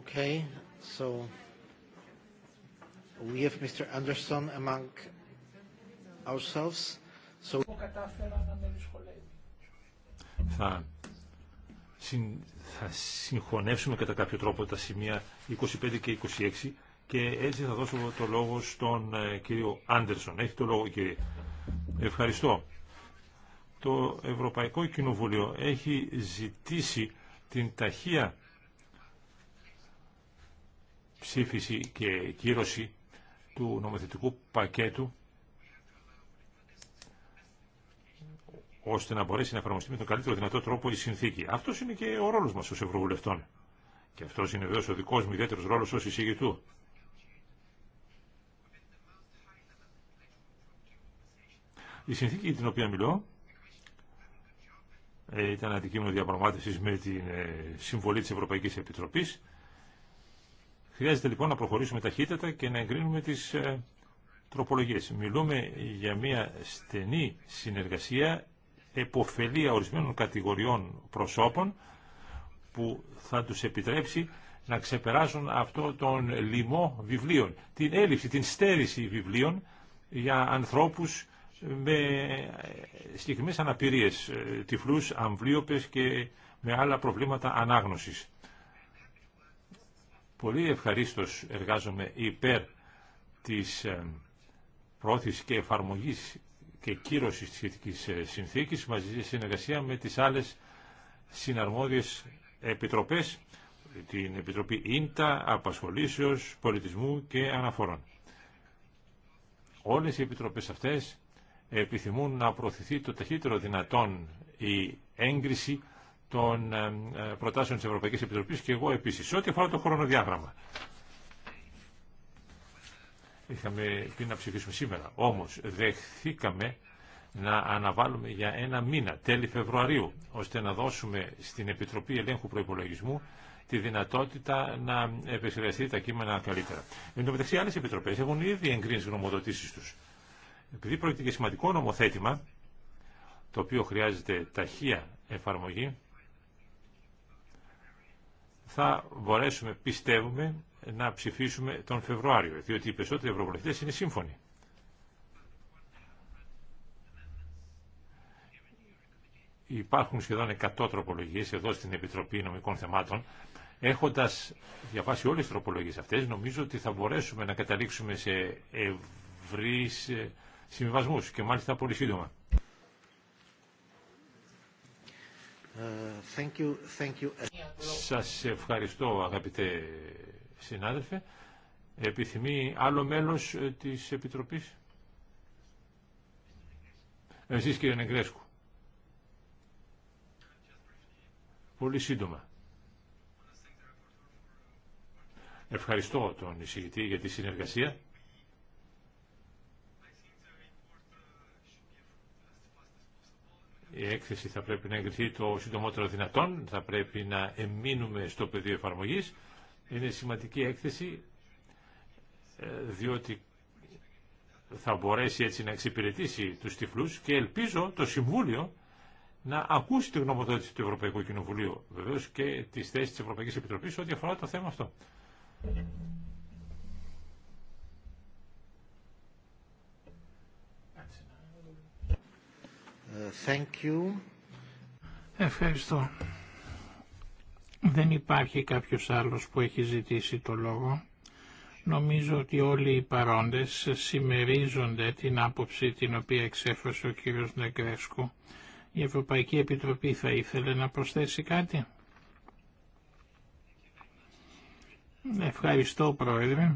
Okay, so we have Mr. Anderson among ourselves. So... Θα, θα συγχωνεύσουμε κατά κάποιο τρόπο τα σημεία 25 και 26 και έτσι θα δώσω το λόγο στον ε, κύριο Άντερσον. Έχει το λόγο κύριε. Ευχαριστώ. Το Ευρωπαϊκό Κοινοβούλιο έχει ζητήσει την ταχεία ψήφιση και κύρωση του νομοθετικού πακέτου ώστε να μπορέσει να εφαρμοστεί με τον καλύτερο δυνατό τρόπο η συνθήκη. Αυτό είναι και ο ρόλο μα ω Ευρωβουλευτών. Και αυτό είναι βεβαίω ο δικό μου ιδιαίτερο ρόλο ω εισηγητού. Η συνθήκη για την οποία μιλώ ε, ήταν αντικείμενο διαπραγμάτευση με την ε, συμβολή τη Ευρωπαϊκή Επιτροπή Χρειάζεται λοιπόν να προχωρήσουμε ταχύτατα και να εγκρίνουμε τις ε, τροπολογίες. Μιλούμε για μια στενή συνεργασία εποφελία ορισμένων κατηγοριών προσώπων που θα τους επιτρέψει να ξεπεράσουν αυτό τον λοιμό βιβλίων, την έλλειψη, την στέρηση βιβλίων για ανθρώπους με ε, συγκεκριμένες αναπηρίες, ε, τυφλούς, αμβλίωπες και με άλλα προβλήματα ανάγνωσης πολύ ευχαρίστως εργάζομαι υπέρ της ε, πρόθεσης και εφαρμογής και κύρωσης της σχετικής ε, συνθήκης μαζί στη συνεργασία με τις άλλες συναρμόδιες επιτροπές, την Επιτροπή Ίντα, Απασχολήσεως, Πολιτισμού και Αναφορών. Όλες οι επιτροπές αυτές επιθυμούν να προωθηθεί το ταχύτερο δυνατόν η έγκριση των ε, ε, προτάσεων της Ευρωπαϊκής Επιτροπής και εγώ επίσης. ό,τι αφορά το χρονοδιάγραμμα. Είχαμε πει να ψηφίσουμε σήμερα. Όμως δεχθήκαμε να αναβάλουμε για ένα μήνα, τέλη Φεβρουαρίου, ώστε να δώσουμε στην Επιτροπή Ελέγχου Προϋπολογισμού τη δυνατότητα να επεξεργαστεί τα κείμενα καλύτερα. Εν τω μεταξύ, άλλε επιτροπέ έχουν ήδη εγκρίνει γνωμοδοτήσεις τους. Επειδή πρόκειται για σημαντικό νομοθέτημα, το οποίο χρειάζεται ταχεία εφαρμογή, θα μπορέσουμε, πιστεύουμε, να ψηφίσουμε τον Φεβρουάριο, διότι οι περισσότεροι ευρωβουλευτές είναι σύμφωνοι. Υπάρχουν σχεδόν 100 τροπολογίες εδώ στην Επιτροπή Νομικών Θεμάτων. Έχοντας διαβάσει όλες τις τροπολογίες αυτές, νομίζω ότι θα μπορέσουμε να καταλήξουμε σε ευρύς ε, συμβιβασμούς και μάλιστα πολύ σύντομα. Thank Σας ευχαριστώ αγαπητέ συνάδελφε. Επιθυμεί άλλο μέλος ε, της Επιτροπής. Εσείς κύριε Νεγκρέσκου. Πολύ σύντομα. Ευχαριστώ τον εισηγητή για τη συνεργασία. η έκθεση θα πρέπει να εγκριθεί το συντομότερο δυνατόν, θα πρέπει να εμείνουμε στο πεδίο εφαρμογής. Είναι σημαντική έκθεση ε, διότι θα μπορέσει έτσι να εξυπηρετήσει τους τυφλούς και ελπίζω το Συμβούλιο να ακούσει τη γνωμοδότηση του Ευρωπαϊκού Κοινοβουλίου βεβαίως και τις θέσεις της Ευρωπαϊκής Επιτροπής ό,τι αφορά το θέμα αυτό. Ευχαριστώ. Δεν υπάρχει κάποιος άλλος που έχει ζητήσει το λόγο. Νομίζω ότι όλοι οι παρόντες συμμερίζονται την άποψη την οποία εξέφρασε ο κύριος Νεκρέσκου. Η Ευρωπαϊκή Επιτροπή θα ήθελε να προσθέσει κάτι. Ευχαριστώ Πρόεδρε.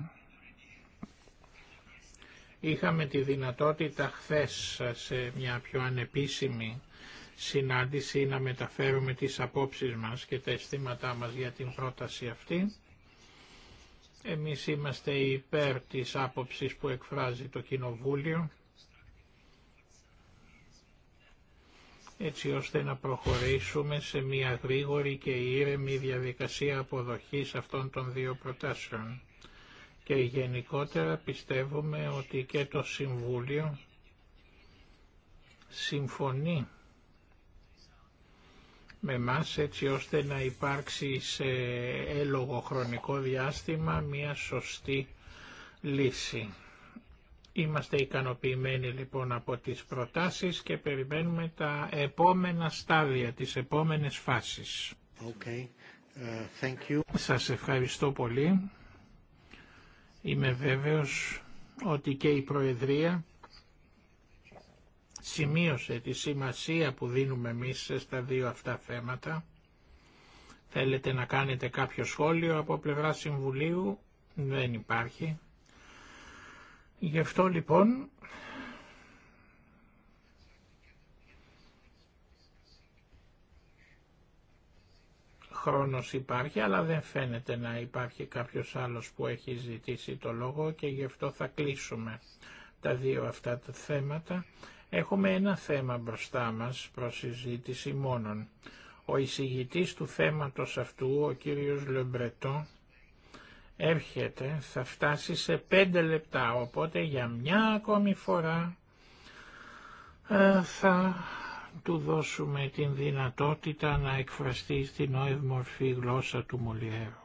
Είχαμε τη δυνατότητα χθες σε μια πιο ανεπίσημη συνάντηση να μεταφέρουμε τις απόψεις μας και τα αισθήματά μας για την πρόταση αυτή. Εμείς είμαστε υπέρ της άποψης που εκφράζει το Κοινοβούλιο, έτσι ώστε να προχωρήσουμε σε μια γρήγορη και ήρεμη διαδικασία αποδοχής αυτών των δύο προτάσεων και γενικότερα πιστεύουμε ότι και το Συμβούλιο συμφωνεί με μας έτσι ώστε να υπάρξει σε έλογο χρονικό διάστημα μια σωστή λύση. Είμαστε ικανοποιημένοι λοιπόν από τις προτάσεις και περιμένουμε τα επόμενα στάδια, τις επόμενες φάσεις. Okay. Uh, thank Σας ευχαριστώ πολύ. Είμαι βέβαιος ότι και η Προεδρία σημείωσε τη σημασία που δίνουμε εμείς στα δύο αυτά θέματα. Θέλετε να κάνετε κάποιο σχόλιο από πλευρά Συμβουλίου, δεν υπάρχει. Γι' αυτό λοιπόν χρόνος υπάρχει, αλλά δεν φαίνεται να υπάρχει κάποιος άλλος που έχει ζητήσει το λόγο και γι' αυτό θα κλείσουμε τα δύο αυτά τα θέματα. Έχουμε ένα θέμα μπροστά μας προς συζήτηση μόνον. Ο εισηγητής του θέματος αυτού, ο κύριος Λεμπρετό, έρχεται, θα φτάσει σε πέντε λεπτά, οπότε για μια ακόμη φορά ε, θα του δώσουμε την δυνατότητα να εκφραστεί στην μορφή γλώσσα του Μολιέρου.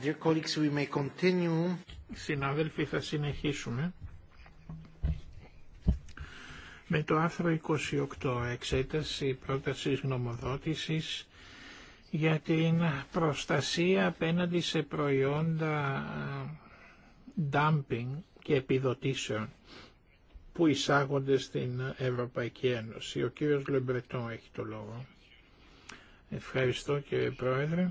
Dear colleagues, we may continue. Συνάδελφοι, θα συνεχίσουμε. Με το άρθρο 28, εξέταση πρότασης γνωμοδότησης για την προστασία απέναντι σε προϊόντα ε, dumping και επιδοτήσεων που εισάγονται στην Ευρωπαϊκή Ένωση. Ο κύριος Λεμπρετό έχει το λόγο. Ευχαριστώ κύριε Πρόεδρε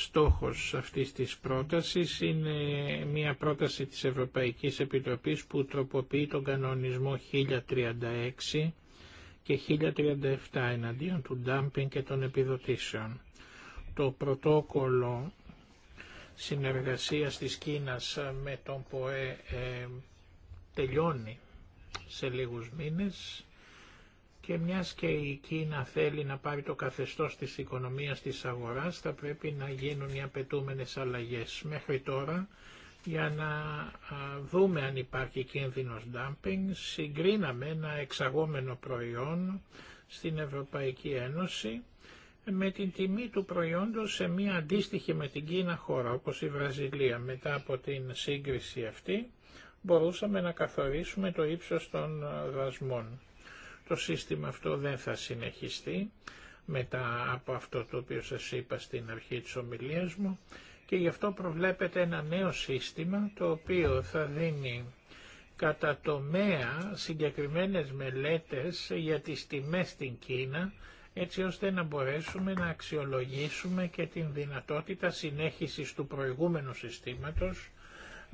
στόχος αυτής της πρότασης είναι μια πρόταση της Ευρωπαϊκής Επιτροπής που τροποποιεί τον κανονισμό 1036 και 1037 εναντίον του ντάμπινγκ και των επιδοτήσεων. Το πρωτόκολλο συνεργασίας της Κίνας με τον ΠΟΕ ε, τελειώνει σε λίγους μήνες και μιας και η Κίνα θέλει να πάρει το καθεστώς της οικονομίας της αγοράς, θα πρέπει να γίνουν οι απαιτούμενε αλλαγές. Μέχρι τώρα, για να δούμε αν υπάρχει κίνδυνος dumping, συγκρίναμε ένα εξαγόμενο προϊόν στην Ευρωπαϊκή Ένωση με την τιμή του προϊόντος σε μία αντίστοιχη με την Κίνα χώρα, όπως η Βραζιλία. Μετά από την σύγκριση αυτή, μπορούσαμε να καθορίσουμε το ύψος των ε, δασμών. Το σύστημα αυτό δεν θα συνεχιστεί μετά από αυτό το οποίο σας είπα στην αρχή της ομιλίας μου και γι' αυτό προβλέπεται ένα νέο σύστημα το οποίο θα δίνει κατά τομέα συγκεκριμένες μελέτες για τις τιμές στην Κίνα έτσι ώστε να μπορέσουμε να αξιολογήσουμε και την δυνατότητα συνέχισης του προηγούμενου συστήματος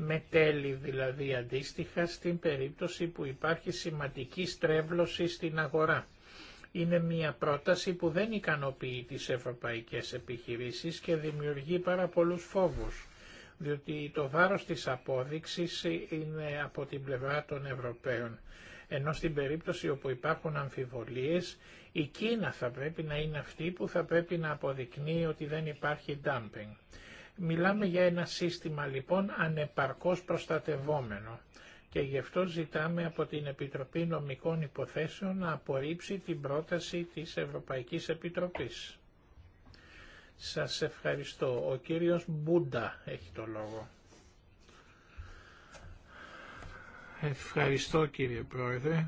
με τέλη δηλαδή αντίστοιχα στην περίπτωση που υπάρχει σημαντική στρέβλωση στην αγορά. Είναι μια πρόταση που δεν ικανοποιεί τις ευρωπαϊκές επιχειρήσεις και δημιουργεί πάρα πολλούς φόβους, διότι το βάρος της απόδειξης είναι από την πλευρά των Ευρωπαίων. Ενώ στην περίπτωση όπου υπάρχουν αμφιβολίες, η Κίνα θα πρέπει να είναι αυτή που θα πρέπει να αποδεικνύει ότι δεν υπάρχει dumping. Μιλάμε για ένα σύστημα λοιπόν ανεπαρκώς προστατευόμενο και γι' αυτό ζητάμε από την Επιτροπή Νομικών Υποθέσεων να απορρίψει την πρόταση της Ευρωπαϊκής Επιτροπής. Σας ευχαριστώ. Ο κύριος Μπούντα έχει το λόγο. Ευχαριστώ κύριε Πρόεδρε.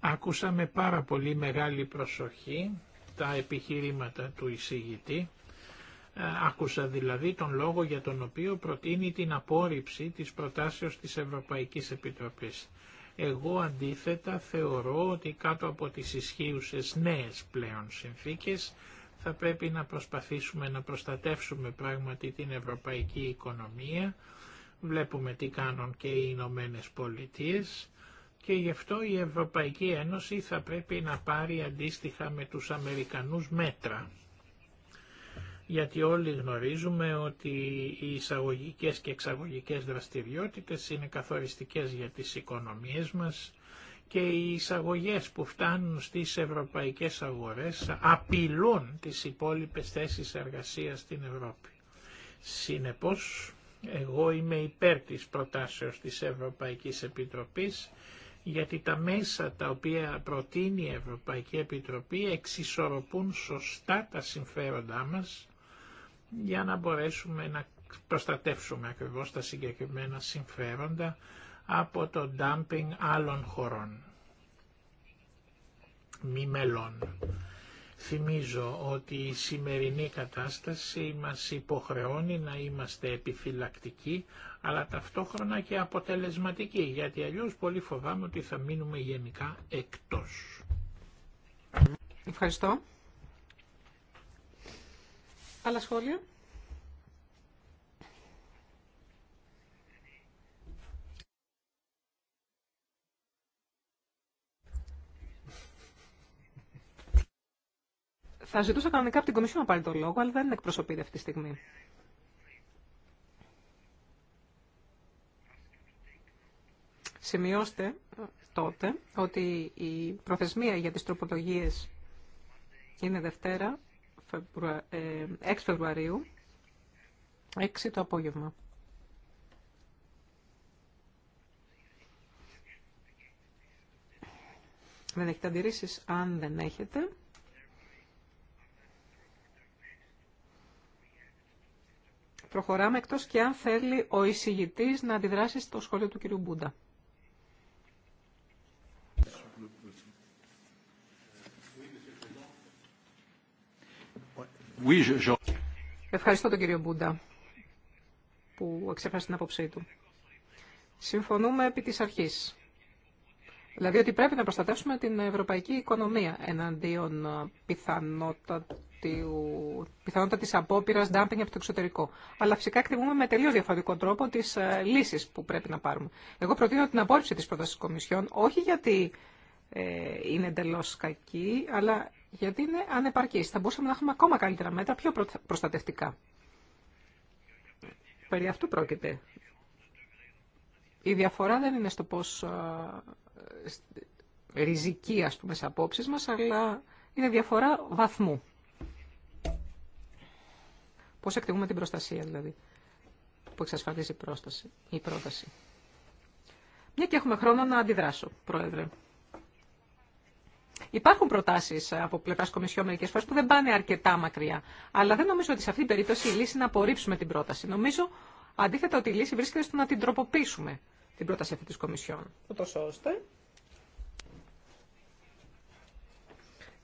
Άκουσα με πάρα πολύ μεγάλη προσοχή τα επιχείρηματα του εισηγητή ε, άκουσα δηλαδή τον λόγο για τον οποίο προτείνει την απόρριψη της προτάσεως της Ευρωπαϊκής Επιτροπής. Εγώ αντίθετα θεωρώ ότι κάτω από τις ισχύουσες νέες πλέον συνθήκες θα πρέπει να προσπαθήσουμε να προστατεύσουμε πράγματι την ευρωπαϊκή οικονομία. Βλέπουμε τι κάνουν και οι Ηνωμένε Πολιτείε. και γι' αυτό η Ευρωπαϊκή Ένωση θα πρέπει να πάρει αντίστοιχα με τους Αμερικανούς μέτρα γιατί όλοι γνωρίζουμε ότι οι εισαγωγικές και εξαγωγικές δραστηριότητες είναι καθοριστικές για τις οικονομίες μας και οι εισαγωγές που φτάνουν στις ευρωπαϊκές αγορές απειλούν τις υπόλοιπες θέσεις εργασίας στην Ευρώπη. Συνεπώς, εγώ είμαι υπέρ της προτάσεως της Ευρωπαϊκής Επιτροπής γιατί τα μέσα τα οποία προτείνει η Ευρωπαϊκή Επιτροπή εξισορροπούν σωστά τα συμφέροντά μας για να μπορέσουμε να προστατεύσουμε ακριβώς τα συγκεκριμένα συμφέροντα από το dumping άλλων χωρών. Μη μελών. Θυμίζω ότι η σημερινή κατάσταση μας υποχρεώνει να είμαστε επιφυλακτικοί, αλλά ταυτόχρονα και αποτελεσματικοί, γιατί αλλιώς πολύ φοβάμαι ότι θα μείνουμε γενικά εκτός. Ευχαριστώ. Άλλα σχόλια. Θα ζητούσα κανονικά από την Κομισιόν να πάρει το λόγο, αλλά δεν εκπροσωπείται αυτή τη στιγμή. Σημειώστε τότε ότι η προθεσμία για τις τροπολογίες είναι Δευτέρα, 6 ε, Φεβρουαρίου, 6 το απόγευμα. Δεν έχετε αντιρρήσεις, αν δεν έχετε. Προχωράμε εκτός και αν θέλει ο εισηγητής να αντιδράσει στο σχολείο του κυρίου Μπούντα. Ευχαριστώ τον κύριο Μπούντα που εξέφρασε την άποψή του. Συμφωνούμε επί της αρχής. Δηλαδή ότι πρέπει να προστατεύσουμε την ευρωπαϊκή οικονομία εναντίον πιθανότητα της απόπειρας dumping από το εξωτερικό. Αλλά φυσικά εκτιμούμε με τελείως διαφορετικό τρόπο τις λύσεις που πρέπει να πάρουμε. Εγώ προτείνω την απόρριψη της πρότασης της Κομισιόν, όχι γιατί ε, είναι εντελώ κακή, αλλά γιατί είναι ανεπαρκή. Θα μπορούσαμε να έχουμε ακόμα καλύτερα μέτρα, πιο προστατευτικά. Περί αυτού πρόκειται. Η διαφορά δεν είναι στο πώς ριζική, ας πούμε, σε απόψεις μας, αλλά είναι διαφορά βαθμού. Πώς εκτιμούμε την προστασία, δηλαδή, που εξασφαλίζει η πρόταση. Μια και έχουμε χρόνο να αντιδράσω, Πρόεδρε. Υπάρχουν προτάσει από πλευρά Κομισιόν μερικέ φορέ που δεν πάνε αρκετά μακριά. Αλλά δεν νομίζω ότι σε αυτή την περίπτωση η λύση είναι να απορρίψουμε την πρόταση. Νομίζω αντίθετα ότι η λύση βρίσκεται στο να την τροποποιήσουμε την πρόταση αυτή τη Κομισιόν. Ούτω ώστε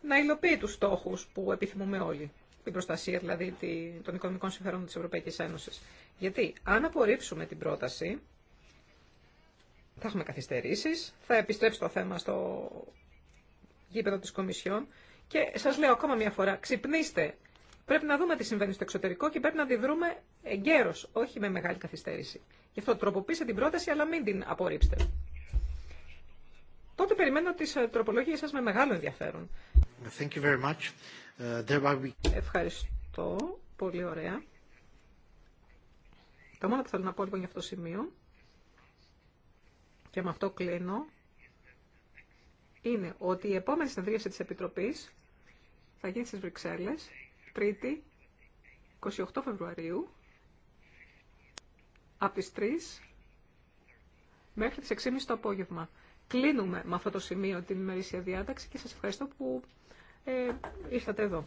να υλοποιεί του στόχου που επιθυμούμε όλοι. Την προστασία δηλαδή των οικονομικών συμφερόντων τη Ευρωπαϊκή Ένωση. Γιατί αν απορρίψουμε την πρόταση, θα έχουμε καθυστερήσει, θα επιστρέψει το θέμα στο γήπεδο της Κομισιόν και σας λέω ακόμα μια φορά, ξυπνήστε. Πρέπει να δούμε τι συμβαίνει στο εξωτερικό και πρέπει να αντιδρούμε εγκαίρω, όχι με μεγάλη καθυστέρηση. Γι' αυτό τροποποιήστε την πρόταση, αλλά μην την απορρίψετε. Τότε περιμένω τις ε, τροπολογίες σας με μεγάλο ενδιαφέρον. Thank you very much. Uh, Ευχαριστώ. Πολύ ωραία. Το μόνο που θέλω να πω λοιπόν για αυτό το σημείο και με αυτό κλείνω είναι ότι η επόμενη συνεδρίαση της Επιτροπής θα γίνει στις Βρυξέλλες, Τρίτη, 28 Φεβρουαρίου, από τις 3 μέχρι τις 6.30 το απόγευμα. Κλείνουμε με αυτό το σημείο την ημερήσια διάταξη και σας ευχαριστώ που ε, ήρθατε εδώ.